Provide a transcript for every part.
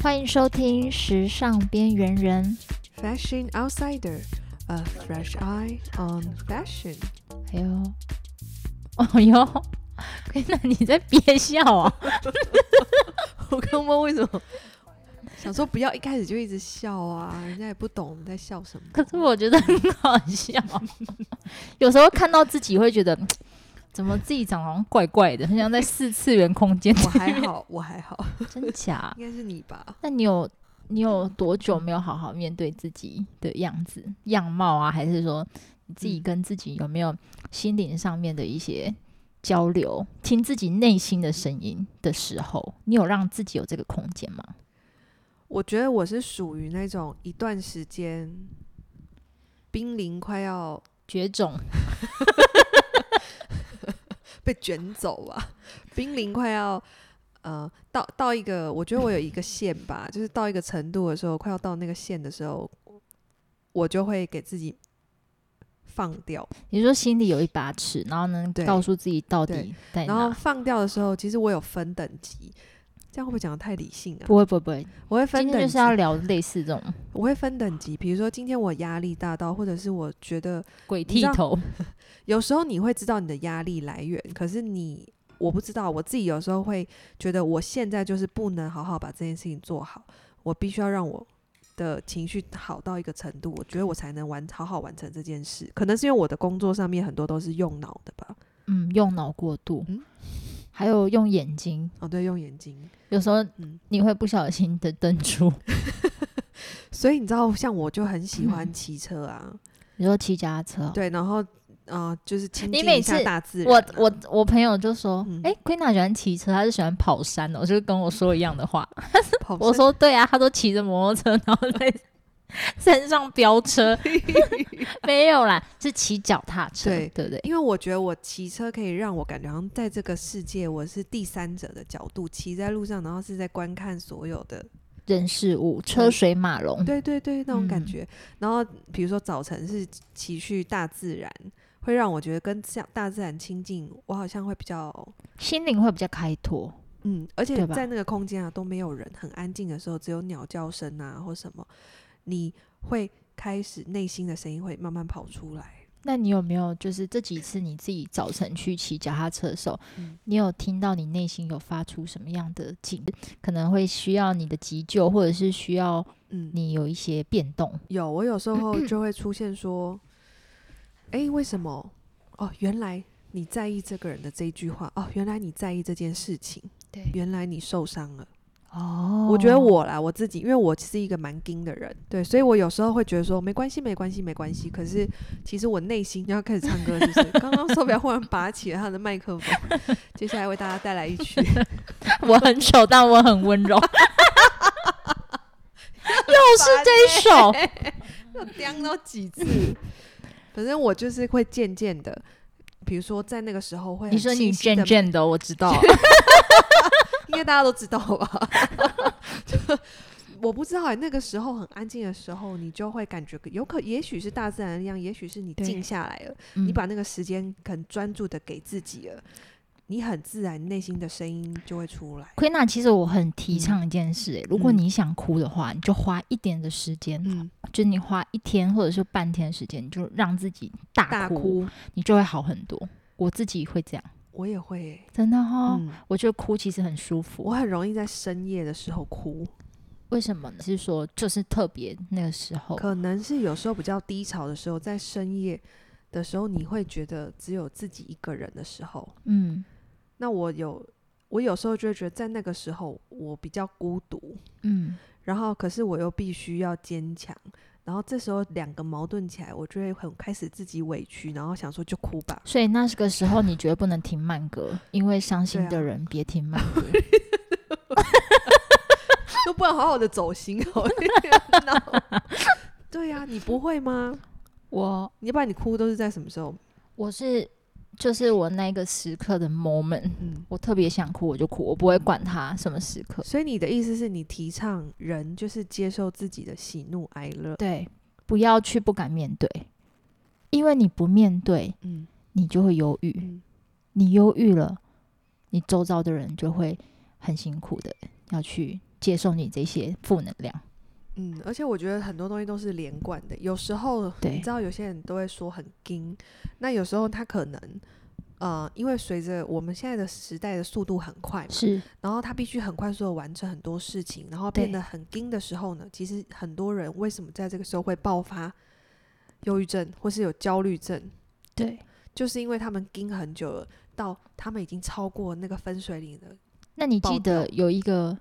歡迎收聽《時尚邊緣人》，Fashion Outsider，A Fresh Eye on Fashion。還有，哦喲，那你在憋笑啊？ 我剛問為什麼， 想說不要一開始就一直笑啊，人家也不懂我們在笑什麼。可是我覺得很好笑， 有時候看到自己會覺得。 怎麼自己長得好像怪怪的，很像在四次元空間？我還好，我還好，真假？ 應該是你吧？那你有你有多久沒有好好面對自己的樣子、樣貌啊？還是說你自己跟自己有沒有心靈上面的一些交流？嗯、聽自己內心的聲音的時候，你有讓自己有這個空間嗎？我覺得我是屬於那種一段時間瀕臨快要絕種。 被捲走啊，瀕臨快要呃、到到一個，我覺得我有一個線吧，就是到一個程度的時候，快要到那個線的時候，我就會給自己放掉。你說心裡有一把尺，然後能告訴自己到底在哪？對對。然後放掉的時候，其實我有分等級。這樣會不會講得太理性了啊？不會不會，我會分等。今天就是要聊類似這種，我會分等級。比如說，今天我壓力大到，或者是我覺得，鬼剃頭。有時候你會知道你的壓力來源，可是你我不知道，我自己有時候會覺得，我現在就是不能好好把這件事情做好，我必須要讓我的情緒好到一個程度，我覺得我才能完好好完成這件事。可能是因為我的工作上面很多都是用腦的吧。嗯，用腦過度。嗯還有用眼睛哦，對，用眼睛，有時候你會不小心的瞪出。嗯、 所以你知道，像我就很喜歡騎車啊，嗯、你說騎腳踏車。喔，對，然後呃，就是親近一下大自然。啊、每次我我我朋友就說，哎 Queena 喜歡騎車，他是喜歡跑山的。喔，我就是，跟我說一樣的話， 山我說對啊，他都騎着摩托車，然後在，嗯。 山上飆車 沒有啦，是騎腳踏車。對對對，對對，因為我覺得我騎車可以讓我感覺，好像在這個世界我是第三者的角度，騎在路上，然後是在觀看所有的人事物，嗯、車水馬龍。對，對對對，那種感覺。嗯、然後比如說早晨是騎去大自然，會讓我覺得跟像大自然親近，我好像會比較心靈會比較開拓。嗯，而且在那個空間啊，對吧？都沒有人，很安靜的時候，只有鳥叫聲啊，或什麼。你會開始，內心的聲音會慢慢跑出來。那你有沒有就是這幾次你自己早晨去騎腳踏車的時候，嗯、你有聽到你內心有發出什麼樣的警，可能會需要你的急救，或者是需要嗯你有一些變動，嗯？有，我有時候就會出現說，哎、 欸，為什麼？哦，原來你在意這個人的這一句話。哦，原來你在意這件事情。對，原來你受傷了。哦，oh, 我覺得我啦，我自己，因為我是一個蠻硬的人，對，所以我有時候會覺得說，沒關係，沒關係，沒關係。可是其實我內心要開始唱歌，就是剛剛 手錶忽然拔起了他的麥克風， 接下來為大家帶來一曲。 我很醜，但我很溫柔。 又是這一首， 又顛了幾次。 反正我就是會漸漸的，比如說在那個時候會很，你說你漸漸的，我知道。 因為大家都知道吧 就，我不知道、欸，哎，那個時候很安靜的時候，你就會感覺有可，也許是大自然一樣，也許是你靜下來了，嗯、你把那個時間很專注的給自己了，你很自然，內心的聲音就會出來。Queena，其實我很提倡一件事、欸，嗯、如果你想哭的話，你就花一點的時間，嗯、就你花一天或者是半天時間，你就讓自己大哭，大哭你就會好很多。我自己會這樣。我也會，真的哈、哦。嗯，我覺得哭其實很舒服，我很容易在深夜的時候哭。為什麼呢？是說就是特別那個時候，可能是有時候比較低潮的時候，在深夜的時候，你會覺得只有自己一個人的時候，嗯。那我有，我有時候就會覺得在那個時候，我比較孤獨，嗯。然後，可是我又必須要堅強。然後這時候兩個矛盾起來，我就會很開始自己委屈，然後想說就哭吧。所以那個時候你絕對不能聽慢歌，啊、因為傷心的人、啊、別聽慢歌， 都不能好好的走心。對呀，你不會嗎？我，你要不然你哭都是在什麼時候？我是。就是我那個時刻的 moment，嗯，我特別想哭，我就哭，我不會管他什麼時刻。所以你的意思是你提倡人就是接受自己的喜怒哀樂，對，不要去不敢面對，因為你不面對，嗯，你就會憂鬱，嗯，你憂鬱了，你周遭的人就會很辛苦的要去接受你這些負能量。嗯，而且我覺得很多東西都是連貫的。有時候，你知道有些人都會說很盯。對那有時候他可能，呃，因為隨着我們現在的時代的速度很快嘛，是，然後他必須很快速的完成很多事情，然後變得很盯的時候呢，對其實很多人為什麼在這個時候會爆發憂鬱症或是有焦慮症？對、嗯，就是因為他們盯很久了，到他們已經超過那個分水嶺了。那你記得有一個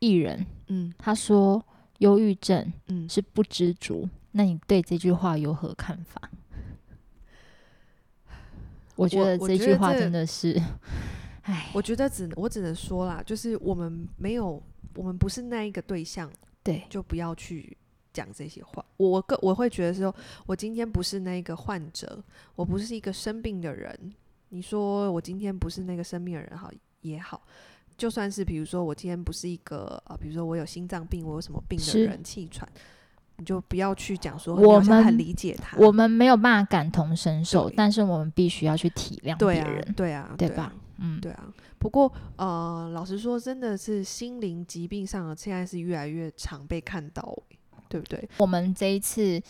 藝人，嗯，他說。憂鬱症，嗯，是不知足，那你對這句話有何看法？我覺得這句話真的是，哎，我覺得，唉，我覺得只，我只能說啦，就是我們沒有，我們不是那一個對象，對，就不要去講這些話。我，我個我，我會覺得說，我今天不是那一個患者，我不是一個生病的人。嗯，你說我今天不是那個生病的人，好也好。就算是比如說我今天不是一個呃，比如說我有心臟病，我有什麼病的人，氣喘，是你就不要去講說我們很理解他，我們沒有辦法感同身受，對但是我們必須要去體諒別人對、啊，對啊，對吧？對啊、嗯，對啊。不過呃，老實說，真的是心靈疾病上的，現在是越來越常被看到、欸，對不對？我們這一次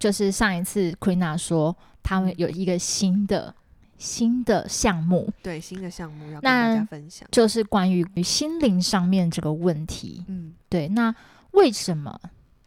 就是上一次 Queena 說他們有一個新的。嗯新的項目，對，新的項目要跟大家分享，就是關於心靈上面這個問題。嗯，對。那為什麼？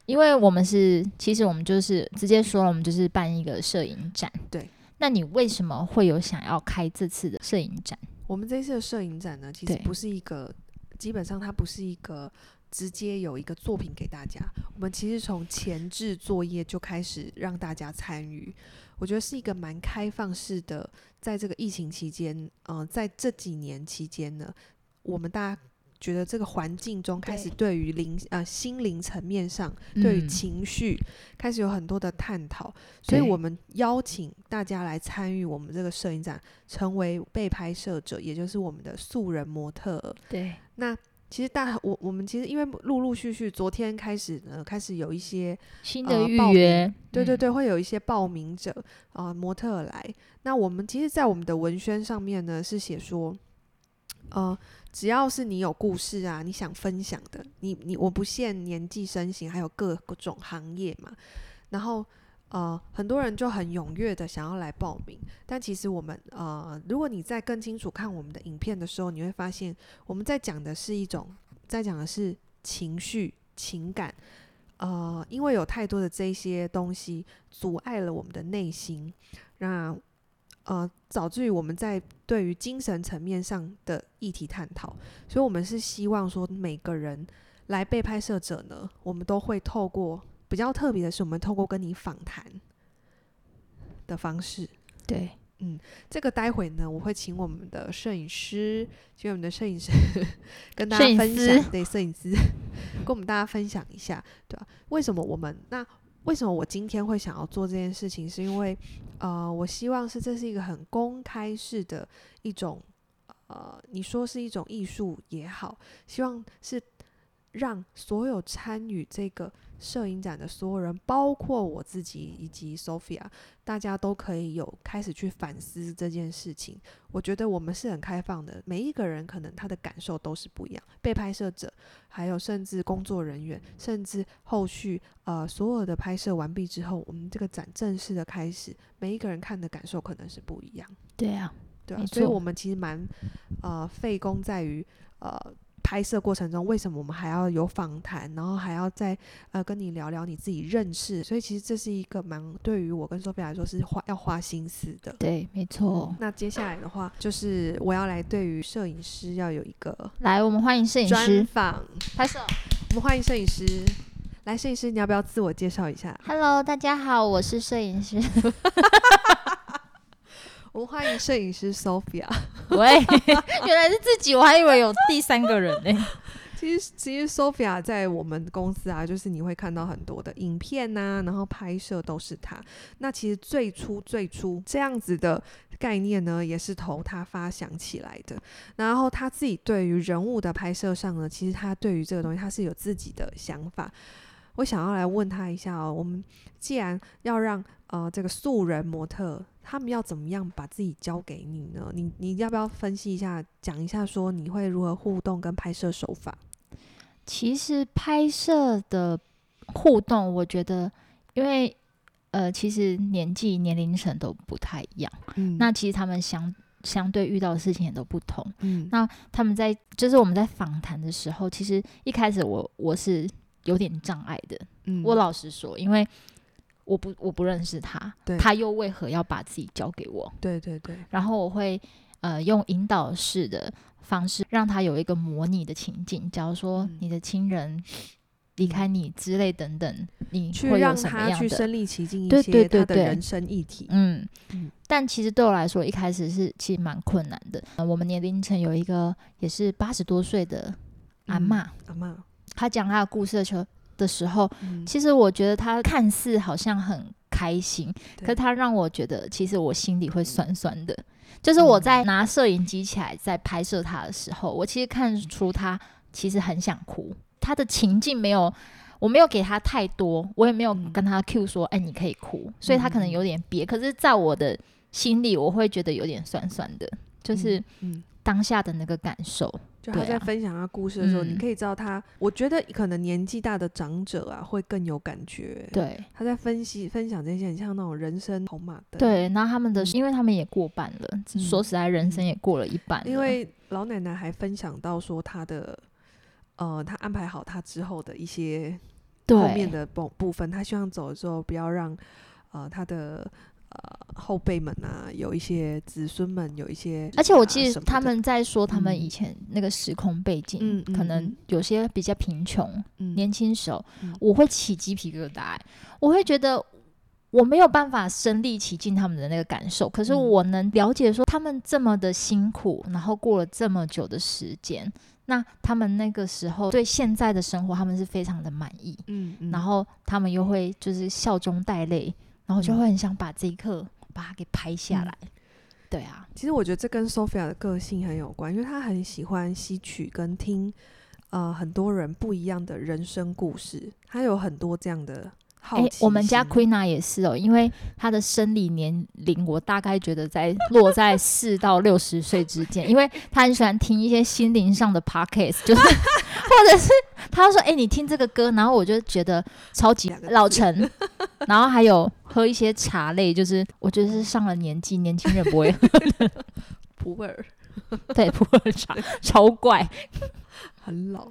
因為我們是，其實我們就是直接說我們就是辦一個攝影展。對。那你為什麼會有想要開這次的攝影展？我們這次的攝影展呢，其實不是一個，對基本上它不是一個直接有一個作品給大家。我們其實從前置作業就開始讓大家參與。我覺得是一個蠻開放式的，在這個疫情期間，嗯、呃，在這幾年期間呢，我們大家覺得這個環境中開始對於靈對、呃、心靈層面上，嗯、對於情緒開始有很多的探討，所以我們邀請大家來參與我們這個攝影展，成為被拍攝者，也就是我們的素人模特。對，那。其實大我我們其實因為陸陸續續昨天開始呢，開始有一些新的預約、呃，對對對，會有一些報名者啊、嗯呃、模特來。那我們其實，在我們的文宣上面呢是寫說，呃，只要是你有故事啊，你想分享的，你你我不限年紀、身形，還有各、各種行業嘛。然後。呃，很多人就很踴躍的想要來報名，但其實我們呃，如果你在更清楚看我們的影片的時候，你會發現我們在講的是一種，在講的是情緒、情感，呃，因為有太多的這些東西阻礙了我們的內心，那呃，導致於我們在對於精神層面上的議題探討，所以我們是希望說每個人來被拍攝者呢，我們都會透過。比較特別的是，我們透過跟你訪談的方式，對，嗯，這個待會呢，我會請我們的攝影師，請我們的攝影師呵呵跟大家分享，對，攝影師呵呵跟我們大家分享一下，對吧？為什麼我們？那為什麼我今天會想要做這件事情？是因為，呃，我希望是這是一個很公開式的一種，呃，你說是一種藝術也好，希望是。讓所有參與這個攝影展的所有人，包括我自己以及 Sophia，大家都可以有開始去反思這件事情。我覺得我們是很開放的，每一個人可能他的感受都是不一樣。被拍攝者，還有甚至工作人員，甚至後續呃所有的拍攝完畢之後，我們這個展正式的開始，每一個人看的感受可能是不一樣。對啊，對啊，沒錯。所以我們其實蠻呃費工在於呃。拍攝過程中，為什麼我們還要有訪談，然後還要再呃跟你聊聊你自己認識？所以其實這是一個蠻對於我跟周表來說是花要花心思的。對，沒錯。嗯，那接下來的話就是我要來對於攝影師要有一個來，我們歡迎攝影師專訪拍攝，我們歡迎攝影師。來，攝影師你要不要自我介紹一下？Hello，大家好，我是攝影師。 我歡迎攝影師 Sophia。 喂， 原來是自己，我還以為有第三個人呢、欸。 其實，其實 Sophia 在我們公司啊，就是你會看到很多的影片吶、啊，然後拍攝都是她。那其實最初最初這樣子的概念呢，也是從他發想起來的。然後他自己對於人物的拍攝上呢，其實他對於這個東西他是有自己的想法。我想要來問他一下哦、喔，我們既然要讓呃這個素人模特。他們要怎麼樣把自己交給你呢？你你要不要分析一下，講一下說你會如何互動跟拍攝手法？其實拍攝的互動，我覺得，因為呃，其實年紀年齡層都不太一樣，嗯，那其實他們相相對遇到的事情也都不同，嗯，那他們在就是我們在訪談的時候，其實一開始我我是有點障礙的，嗯，我老實說，因為。我不，我不認識他，對他又為何要把自己交給我？對對對。然後我會，呃，用引導式的方式，讓他有一個模擬的情景，假如說你的親人離開你之類等等，你會有什麼樣的？讓他去身歷其境一些對對，對，對，對人生議題。嗯，嗯，但其實對我來說，一開始是其實蠻困難的。呃、我們年齡層有一個也是八十多歲的阿嬤。嗯、阿嬤，他講他的故事的時候，的時候，其實我覺得他看似好像很開心，嗯、可是他讓我覺得其實我心裡會酸酸的。就是我在拿攝影機起來在拍攝他的時候，我其實看出他其實很想哭，他的情境沒有，我沒有給他太多，我也沒有跟他 cue 說，哎、嗯，欸、你可以哭，所以他可能有點憋。可是，在我的心裡，我會覺得有點酸酸的，就是當下的那個感受。就他在分享他故事的時候，啊嗯、你可以知道他。我覺得可能年紀大的長者啊，會更有感覺。對，他在分析、分享這些，很像那種人生籌碼的。對，那他們的，嗯、因為他們也過半了，嗯、說實在，人生也過了一半了。因為老奶奶還分享到說她的，呃，她安排好她之後的一些後面的部部分，她對希望走的時候不要讓呃她的。呃，後輩們啊，有一些子孫們，有一些，而且我記得他們在說他們以前那個時空背景，嗯、可能有些比較貧窮，嗯、年輕時候，嗯、我會起雞皮疙瘩，我會覺得我沒有辦法身歷其境他們的那個感受，可是我能了解說他們這麼的辛苦，然後過了這麼久的時間，那他們那個時候對現在的生活，他們是非常的滿意，嗯，嗯然後他們又會就是笑中帶淚。然後就會很想把這一刻把它給拍下來，嗯、對啊。其實我覺得這跟 Sophia 的個性很有關，因為她很喜歡吸取跟聽，呃，很多人不一樣的人生故事，她有很多這樣的。哎、欸，我們家 Queena 也是哦、喔，因為他的生理年齡，我大概覺得在落在四到六十歲之間。 因為他很喜歡聽一些心靈上的 podcast 就是 或者是他說：“哎、欸，你聽這個歌。”然後我就覺得超級老成。然後還有喝一些茶類，就是我覺得是上了年紀， 年輕人不會，喝的普洱爾對，普洱茶超怪，很老。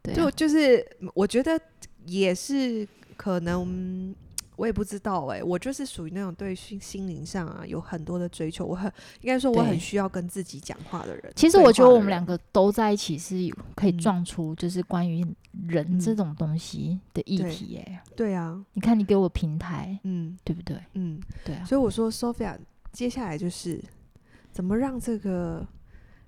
對、啊就，就就是我覺得也是。可能、嗯、我也不知道哎、欸，我就是屬於那種對心心靈上啊有很多的追求，我很應該說我很需要跟自己講話的人。對對話的人。其實我覺得我們兩個都在一起是可以撞出就是關於人這種東西的議題哎、欸嗯嗯。對啊，你看你給我平台，嗯，對不對？嗯，對啊。所以我說，Sophia，接下來就是怎麼讓這個。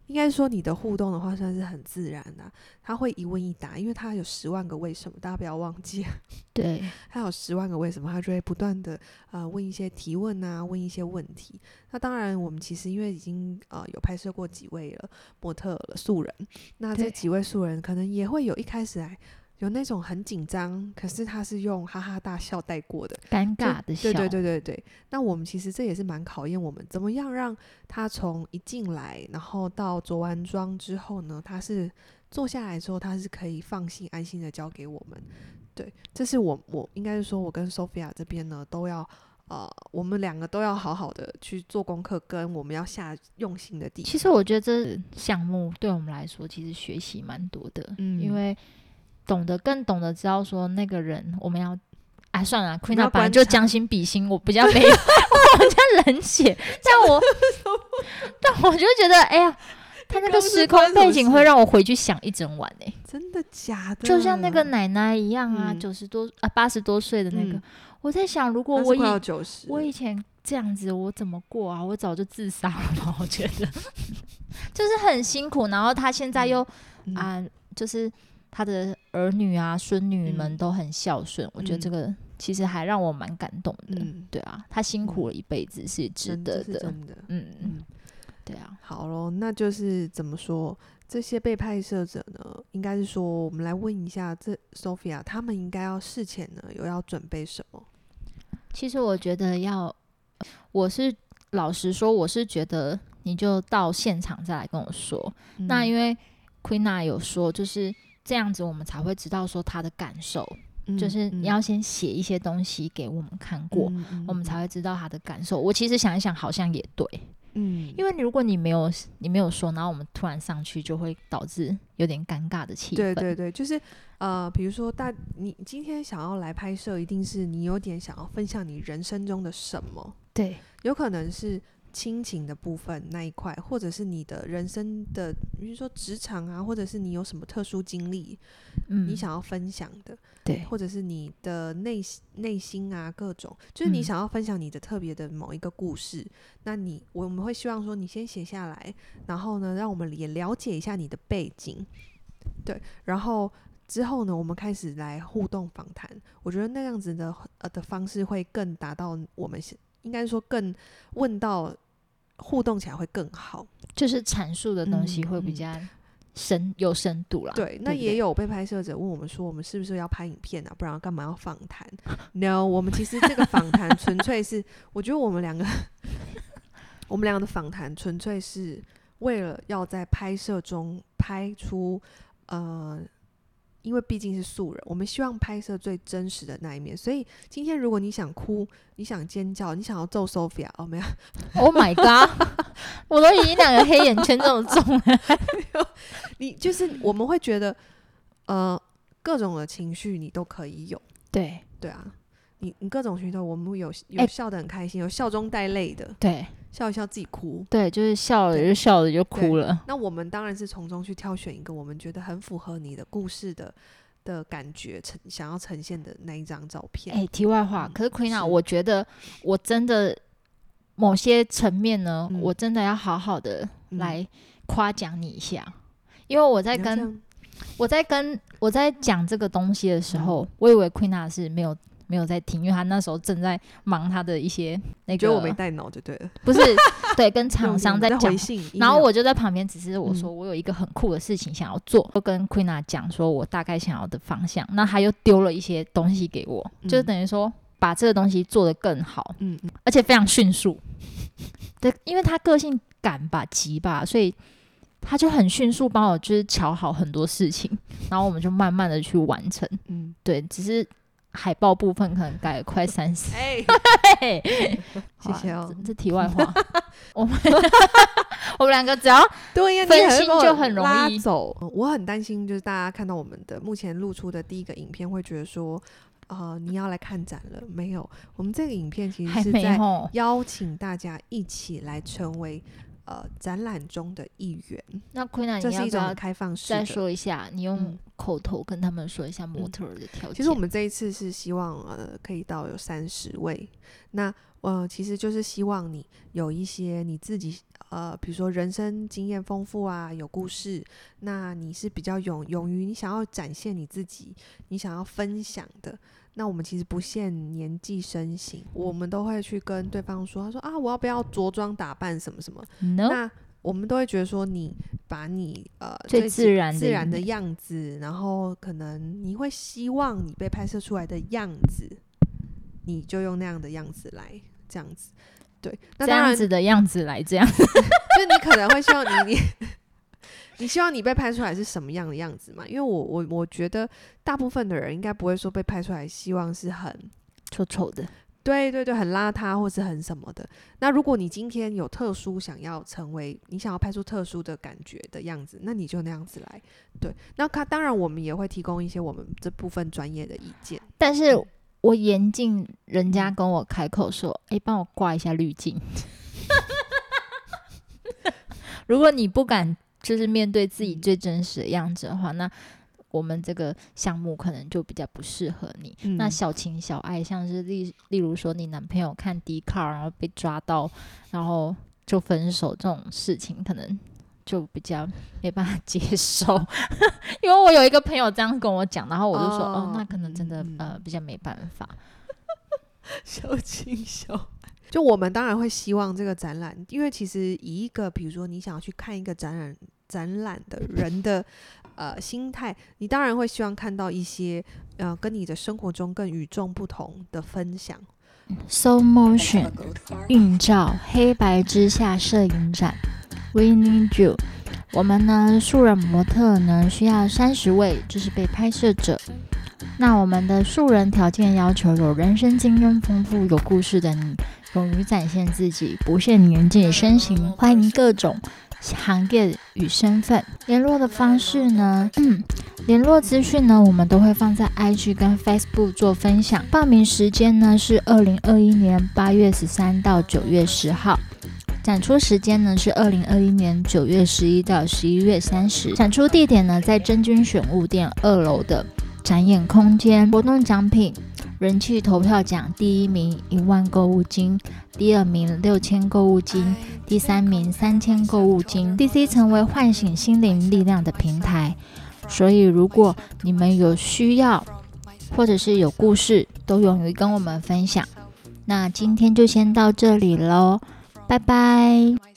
應該說你的互動的話算是很自然的啊，他會一問一答，因為他有十萬個為什麼，大家不要忘記，對，他有十萬個為什麼，他就會不斷的呃問一些提問啊，問一些問題。那當然，我們其實因為已經呃有拍攝過幾位了模特了素人，那這幾位素人可能也會有一開始來。有那種很緊張，可是他是用哈哈大笑帶過的。尷尬的笑。對對對對對。那我們其實這也是蠻考驗我們，怎麼樣讓他從一進來，然後到着完妝之後呢，他是坐下來之後，他是可以放心安心的交給我們。對，這是我我應該是說，我跟 Sophia 這邊呢都要呃，我們兩個都要好好的去做功課，跟我們要下用心的地方。其實我覺得這項目對我們來說，其實學習蠻多的，嗯，因為。懂得更懂得，知道說那個人我們要，哎、啊、算了 Queena 本來就將心比心，我比較沒，有，我比較冷血，但我 但我就覺得，哎呀，他那個時空背景會讓我回去想一整晚誒、欸，真的假的？就像那個奶奶一樣啊，九十、嗯、多啊八十多歲的那個，嗯、我在想，如果我以我以前這樣子，我怎麼過啊？我早就自殺了，我覺得， 就是很辛苦，然後他現在又啊、嗯嗯呃，就是。他的兒女啊、孫女們都很孝順，嗯、我覺得這個其實還讓我蠻感動的。嗯，對啊，他辛苦了一輩子，是值得的。嗯、這是真的，嗯嗯，對啊。好囉，那就是怎麼說這些被拍攝者呢？應該是說，我們來問一下這 Sophia，他們應該要事前呢有要準備什麼？其實我覺得要，我是老實說，我是覺得你就到現場再來跟我說。嗯、那因為 Queena 有說，就是。這樣子我們才會知道說他的感受，嗯、就是你要先寫一些東西給我們看過，嗯、我們才會知道他的感受。嗯、我其實想一想，好像也對，嗯，因為你如果你沒有你沒有說，然後我們突然上去，就會導致有點尷尬的氣氛。對對對，就是呃，比如說大你今天想要來拍攝，一定是你有點想要分享你人生中的什麼，對，有可能是。親情的部分那一塊，或者是你的人生的，比如說職場啊，或者是你有什麼特殊經歷。嗯、你想要分享的，對，或者是你的內內心啊，各種，就是你想要分享你的特別的某一個故事。嗯、那你，我們會希望說你先寫下來，然後呢，讓我們也了解一下你的背景，對，然後之後呢，我們開始來互動訪談。我覺得那樣子的呃的方式會更達到我們應該說更問到，互動起來會更好，就是闡述的東西會比較深、嗯、有深度啦。對，對對，那也有被拍攝者問我們說：“我們是不是要拍影片啊？不然幹嘛要訪談 ？”No，我們其實這個訪談純粹是， 我覺得我們兩個，我們兩個的訪談純粹是為了要在拍攝中拍出呃。因為畢竟是素人，我們希望拍攝最真實的那一面。所以今天，如果你想哭，你想尖叫，你想要揍 Sophia，哦沒有，Oh my god， 我都已經兩個黑眼圈這麼重了。你就是我們會覺得，呃，各種的情緒你都可以有，對對啊，你你各種情緒，我們有有笑得很開心，欸、有笑中帶淚的，對。笑一笑，自己哭。對，就是笑了，就笑了，就哭了。那我們當然是從中去挑選一個我們覺得很符合你的故事的的感覺，呈想要呈現的那一張照片。哎、欸，題外話，可是 Queena、ah, 嗯、我覺得我真的某些層面呢，嗯、我真的要好好的來誇獎你一下，嗯、因為我在跟我在跟我在講這個東西的時候，嗯、我以為 Queena、ah、是沒有。沒有在聽，因為他那時候正在忙他的一些那個。覺得我沒帶腦就對了。不是，對，跟廠商在講，然後我就在旁邊，只是我說我有一個很酷的事情想要做，就、嗯、跟 Queena 講說我大概想要的方向。那他又丟了一些東西給我，嗯、就是等於說把這個東西做得更好。嗯，而且非常迅速。對，因為他個性趕吧，急吧，所以他就很迅速幫我就是喬好很多事情，然後我們就慢慢的去完成。嗯，對，只是。海報部分可能改快三十，哎，謝謝哦，這。這題外話， 我們 我們兩個只要對呀，分心就很容易走、嗯。我很擔心，就是大家看到我們的目前露出的第一個影片，會覺得說啊、呃，你要來看展了？沒有，我們這個影片其實是在邀請大家一起來成為。呃，展覽中的一員。那 Queena，這是一種開放式的。式。再說一下，你用口頭跟他們說一下模特兒的條件、嗯。其實我們這一次是希望呃，可以到有三十位。那呃，其實就是希望你有一些你自己呃，比如說人生經驗豐富啊，有故事。嗯、那你是比較勇勇於你想要展現你自己，你想要分享的。那我們其實不限年紀身形，我們都會去跟對方說，他說啊，我要不要着裝打扮什麼什麼？No. 那我們都會覺得說，你把你呃最自然最自然的樣子，然後可能你會希望你被拍攝出來的樣子，你就用那樣的樣子來這樣子，對，那當然，這樣子的樣子來這樣子， 就你可能會希望你你。 你希望你被拍出來是什麼樣的樣子嘛？因為我我我覺得大部分的人應該不會說被拍出來希望是很醜丑的對，對對對，很邋遢或是很什麼的。那如果你今天有特殊想要成為，你想要拍出特殊的感覺的樣子，那你就那樣子來。對，那他當然我們也會提供一些我們這部分專業的意見。但是我嚴禁人家跟我開口說：“哎、嗯欸，幫我掛一下濾鏡。” 如果你不敢。就是面對自己最真實的樣子的話，那我們這個項目可能就比較不適合你。嗯、那小情小愛，像是例例如說，你男朋友看 Dcard 然後被抓到，然後就分手這種事情，可能就比較沒辦法接受。 因為我有一個朋友這樣跟我講，然後我就說，哦，哦，那可能真的、嗯、呃比較沒辦法。 小情小愛，就我們當然會希望這個展覽，因為其實以一個比如說你想要去看一個展覽。展覽的人的呃心態，你當然會希望看到一些呃跟你的生活中更與眾不同的分享。Soul Motion 映照黑白之下攝影展，We need you。我們呢素人模特呢需要三十位，就是被拍攝者。那我們的素人條件要求有人生經驗豐富、有故事的你，勇於展現自己，不限年紀身形，歡迎各種。行業與身份聯絡的方式呢，嗯，聯絡資訊呢，我們都會放在 IG 跟 Facebook 做分享。報名時間呢是二零二一年八月十三到九月十號，展出時間呢是二零二一年九月十一到十一月三十，展出地點呢在真君選物店二樓的展演空間。活動獎品，人氣投票獎第一名一萬購物金，第二名六千購物金，第三名三千購物金。DC 成為喚醒心靈力量的平台，所以如果你們有需要，或者是有故事，都勇於跟我們分享。那今天就先到這裡嘍，拜拜。